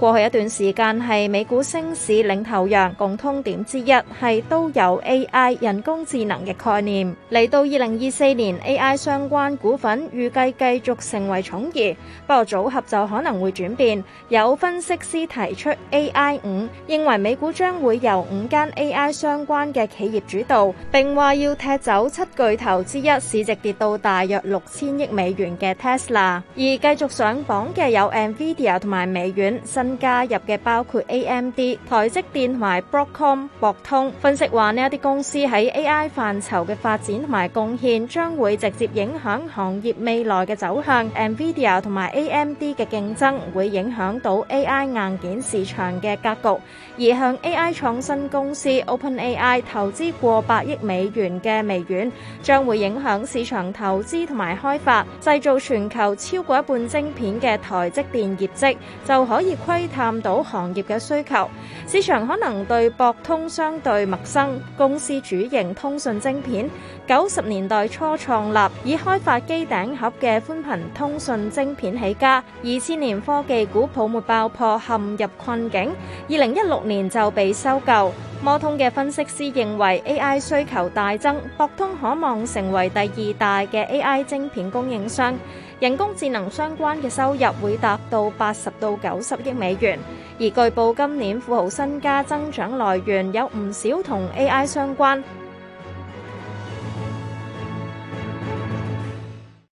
過去一段時間係美股升市領頭羊，共通點之一係都有 AI 人工智能嘅概念。嚟到二零二四年，AI 相關股份預計繼續成為寵兒，不過組合就可能會轉變。有分析師提出 AI 五，認為美股將會由五間 AI 相關嘅企業主導，並話要踢走七巨頭之一市值跌到大約六千億美元嘅 Tesla。而繼續上榜嘅有 Nvidia 同埋美院新。加入嘅包括 AMD、台積電同埋 Broadcom 博通，分析話呢一啲公司喺 AI 範疇嘅發展同埋貢獻，將會直接影響行業未來嘅走向。NVIDIA 同埋 AMD 嘅競爭，會影響到 AI 硬件市場嘅格局。而向 AI 創新公司 OpenAI 投資過百億美元嘅微軟，將會影響市場投資同埋開發。製造全球超過一半晶片嘅台積電業績，就可以規窺探到行業嘅需求，市場可能對博通相對陌生。公司主營通訊晶片，九十年代初創立，以開發機頂盒嘅寬頻通訊晶片起家。二千年科技股泡沫爆破，陷入困境，二零一六年就被收購。摩通嘅分析師認為，AI 需求大增，博通可望成為第二大嘅 AI 晶片供應商。人工智能相關嘅收入會達到八十到九十億美元。而據報，今年富豪身家增長來源有唔少同 AI 相關。